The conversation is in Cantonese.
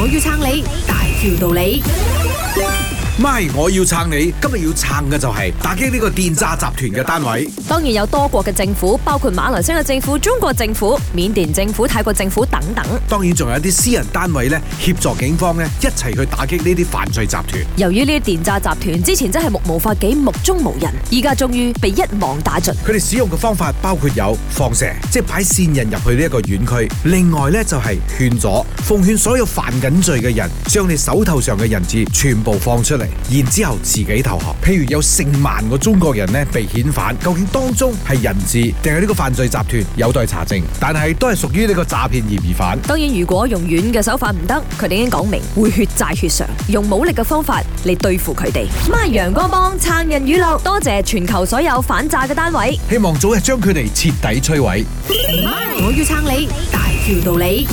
我要撐你，大條道理。咪，MY, 我要撐你！今日要撐嘅就係、是、打擊呢個電詐集團嘅單位。當然有多國嘅政府，包括馬來西亞政府、中國政府、緬甸政府、泰國政府等等。當然仲有一啲私人單位咧，協助警方咧，一齊去打擊呢啲犯罪集團。由於呢啲電詐集團之前真係目無法紀、目中無人，而家終於被一網打盡。佢哋使用嘅方法包括有放蛇，即係擺線人入去呢一個院區；另外咧就係、是、勸阻，奉勸所有犯緊罪嘅人將你手頭上嘅人質全部放出嚟。然之後自己投降，譬如有成萬個中國人咧被遣返，究竟當中係人質定係呢個犯罪集團有待查證，但係都係屬於呢個詐騙嫌疑犯。當然，如果用軟嘅手法唔得，佢哋已經講明會血債血償，用武力嘅方法嚟對付佢哋。my 陽光幫撐人娛樂，多謝全球所有反詐嘅單位，希望早日將佢哋徹底摧毀。my 我要撐你，大條道理。